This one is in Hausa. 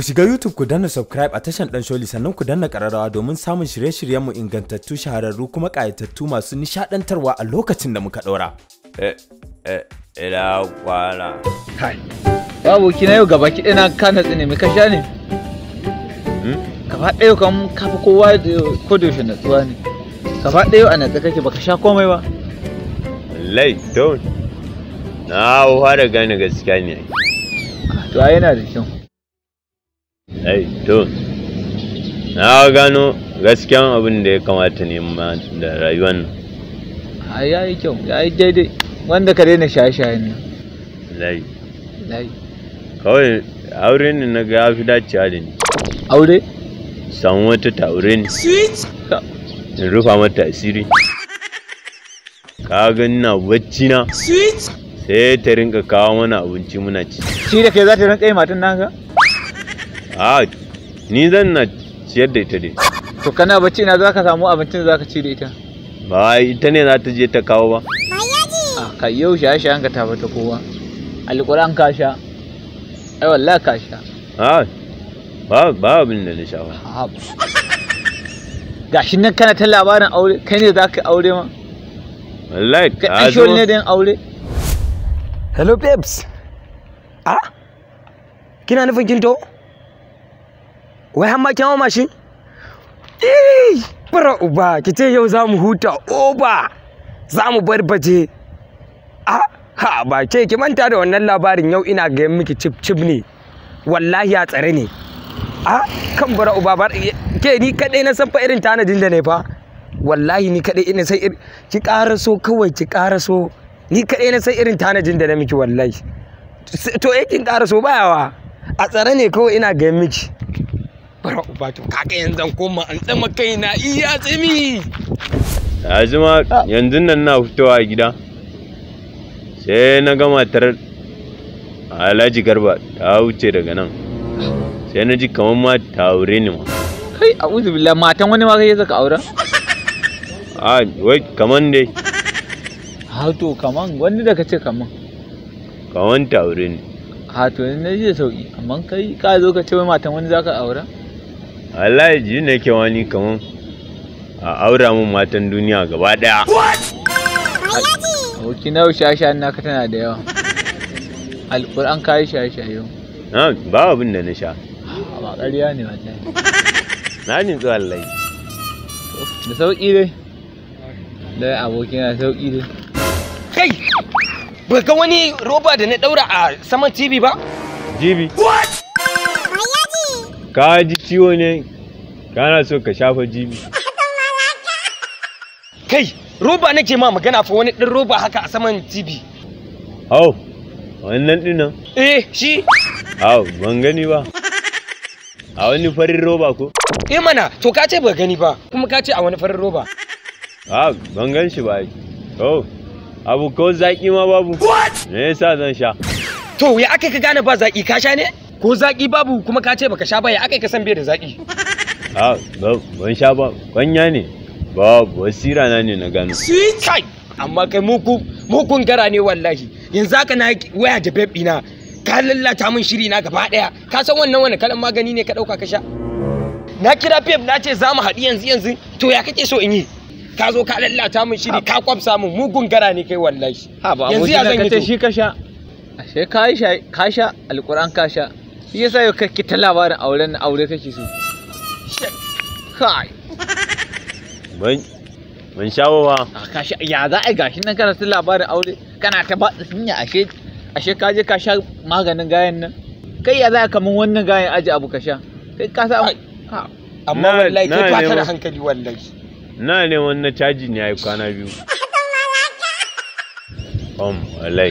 Ku shiga YouTube ku danna subscribe a tashan Dan Sholi sannan ku danna ƙararrawa domin samun shirye-shiryenmu ingantattu shahararru kuma ƙayatattu masu nishaɗantarwa a lokacin da muka ɗora. Eh, eh, ila kwana. Kai, babu kina yau gaba ki ɗina ka natsi ne, ka sha ne? Hmm? Gaba ɗaya kan kafa kowa ko da yaushe natsuwa ne. Gaba ɗaya a natsa kake baka sha komai ba. Lai, don. Na hau har gani gaskiya ne. To, yana da kyau. ai to na gano gaskiyan abin da ya kamata ne ma da rayuwan nan a ya yi kyau ya yi daidai wanda ka daina shaye nan lai lai kawai aure ne na ga fi dacewa da ni aure samu wata ta aure ne in rufa mata asiri ka gani na bacci na sai ta rinka kawo mana abinci muna ci shi da kai za ta rinka yi matan naka a ni zan na ciyar da ita ne to kana bacci na zaka samu abincin zaka ci da ita ba ita ne za ta je ta kawo ba a ah, kai yau sha sha an ka tafi ta kowa alquran ka sha ai wallahi ka sha a ba ba abin da na sha ba ah, gashi nan kana ta labarin aure kai ne zaka aure ma wallahi ka zo ne da aure hello babes ah kina nufin kin to wai har ma kin hawa mashin eh bara uba ki ce yau za mu huta oba za mu bar baje. a ha ba ke ki manta da wannan labarin yau ina ga miki cip cip ne wallahi a tsare ne a kan bara uba ba ke ni kadai na san fa irin tanadin da ne fa wallahi ni kadai ina sai ki karaso kawai ki karaso ni kadai na san irin tanadin da na miki wallahi to yakin eh karaso bayawa a tsare ne kawai ina ga miki bara uba to kaga yanzu koma an tsama kaina iya tsimi yanzu ma ah. yanzu nan na fitowa a gida sai na ga matar alhaji garba ta wuce daga nan sai na ji kamar ma ta aure ni ma kai a uzubillah matan wani ma kai zaka aura a wai kaman dai ha to kaman wani da kace kaman kaman ta aure ni ha to ne ji da sauki amma kai ka zo ka ce matan wani zaka aura wallahi ji ne ke wani kaman a aura mun matan duniya gaba daya Hoki na yau na shayen tana da yawa. Alƙur'an kayi shaye-shaye yau. Ba abin da na sha. Ba ƙarya ne mata. Na ni zuwa lai. Da sauƙi dai. Da abokina na sauƙi dai. Kai! Ba ga wani roba da na daura a saman TV ba? TV. What? ka ji ciwo ne kana so ka shafa jibi kai roba nake ma magana fa wani ɗin roba haka a saman jibi hau wannan ɗinan eh shi hau ban gani ba a wani farin roba ko eh mana to ka ce ba gani ba kuma ka ce a wani farin roba hau ban gan shi ba oh abu ko zaƙi ma babu me yasa zan sha to ya aka ka gane ba zaƙi ka sha ne ko zaki babu kuma ka ce baka sha baya akai ka san bai da zaki a ban sha ba kwanya ne Ba basira na ne na gano kai amma kai mukun gara ne wallahi yanzu haka na waya da beb ɗina ka lallata min shiri na gaba daya ka san wannan wani kalan magani ne ka ɗauka ka sha na kira beb na ce za mu haɗu yanzu yanzu to ya kake so in yi ka zo ka lallata min shiri ka kwafsa min mugun gara ne kai wallahi yanzu ya zan yi to shi ka sha ashe ka sha alƙur'an ka sha shi yasa yau kake ta labarin auren aure kake so kai ban ban shawo ba ah, ya za a gashi nan kana ta labarin aure kana ta ba yi ashe ashe ka je ka sha maganin gayan nan kai ya za ka mun wannan gayan aji abu ka sha kai ka sa amma wallahi ke fata da hankali wallahi na ne wannan caji ne yayi kwana biyu um wallahi